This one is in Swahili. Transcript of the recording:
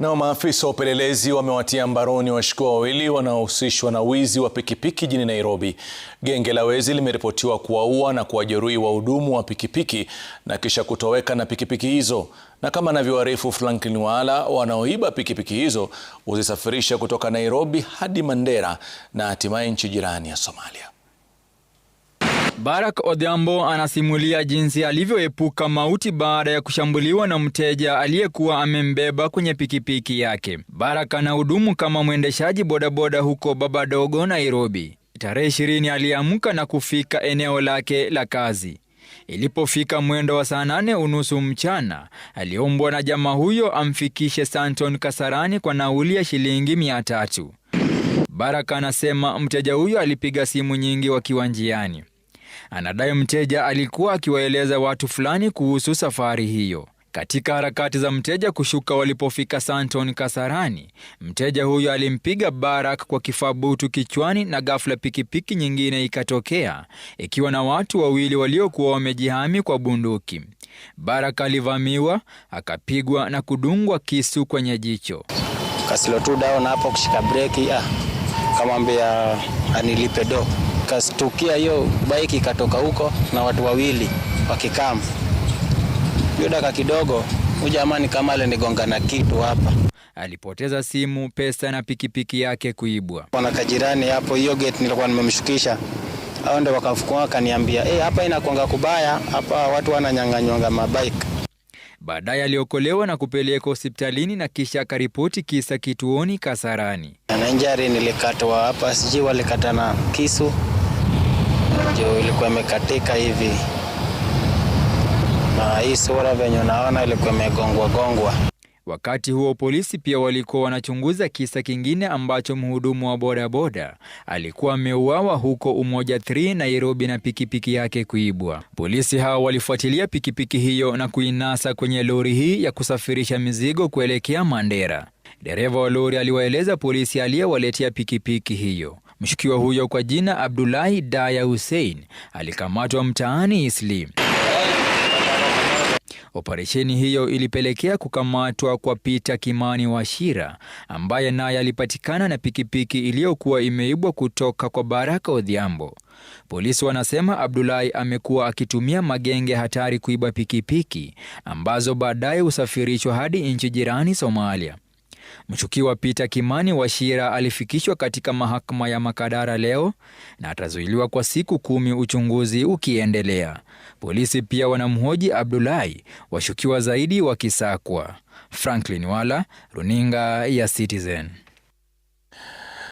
Nao maafisa wa upelelezi wamewatia mbaroni washukiwa wawili wanaohusishwa na wizi wa pikipiki jijini Nairobi. Genge la wezi limeripotiwa kuwaua na kuwajeruhi wahudumu wa pikipiki na kisha kutoweka na pikipiki hizo, na kama anavyoarifu Franklin wala wanaoiba pikipiki hizo huzisafirisha kutoka Nairobi hadi Mandera na hatimaye nchi jirani ya Somalia. Barack Odhiambo anasimulia jinsi alivyoepuka mauti baada ya kushambuliwa na mteja aliyekuwa amembeba kwenye pikipiki yake. Barack anahudumu kama mwendeshaji bodaboda huko baba dogo Nairobi. Tarehe ishirini aliamka na kufika eneo lake la kazi. Ilipofika mwendo wa saa nane unusu mchana, aliombwa na jamaa huyo amfikishe Santon Kasarani kwa nauli ya shilingi mia tatu. Baraka anasema mteja huyo alipiga simu nyingi wakiwa njiani. Anadai mteja alikuwa akiwaeleza watu fulani kuhusu safari hiyo. Katika harakati za mteja kushuka, walipofika Santon Kasarani, mteja huyo alimpiga Barak kwa kifaa butu kichwani, na ghafla pikipiki nyingine ikatokea ikiwa na watu wawili waliokuwa wamejihami kwa bunduki. Barak alivamiwa, akapigwa na kudungwa kisu kwenye jicho. Kasilo tu down hapo kushika breki, ah, kamwambia anilipe do Ikastukia hiyo bike ikatoka huko na watu wawili wakikam. Hiyo daka kidogo, ujamani kama alinigonga na kitu hapa. Alipoteza simu, pesa na pikipiki yake kuibwa. Kuna kajirani hapo, hiyo gate nilikuwa nimemshukisha hao ndio wakafukua wakaniambia, eh, hapa inakuanga kubaya hapa, watu wananyanganywanga mabike. Baadaye aliokolewa na kupelekwa hospitalini na kisha akaripoti kisa kituoni Kasarani. Na injury nilikatwa hapa, sijui walikatana kisu ndio ilikuwa imekatika hivi, na hii sura venye unaona ilikuwa imegongwa gongwa. Wakati huo polisi pia walikuwa wanachunguza kisa kingine ambacho mhudumu wa bodaboda alikuwa ameuawa huko Umoja 3 Nairobi na pikipiki yake kuibwa. Polisi hao walifuatilia pikipiki hiyo na kuinasa kwenye lori hii ya kusafirisha mizigo kuelekea Mandera. Dereva wa lori aliwaeleza polisi aliyewaletea pikipiki hiyo Mshukiwa huyo kwa jina Abdullahi Daya Hussein alikamatwa mtaani Isli. Operesheni hiyo ilipelekea kukamatwa kwa Peter Kimani Wachira ambaye naye alipatikana na pikipiki iliyokuwa imeibwa kutoka kwa Baraka Odhiambo. Polisi wanasema Abdullahi amekuwa akitumia magenge hatari kuiba pikipiki ambazo baadaye husafirishwa hadi nchi jirani Somalia. Mshukiwa Peter Kimani Wachira alifikishwa katika mahakama ya Makadara leo na atazuiliwa kwa siku kumi, uchunguzi ukiendelea. Polisi pia wanamhoji Abdulahi, washukiwa zaidi wakisakwa. Franklin Wala, runinga ya Citizen.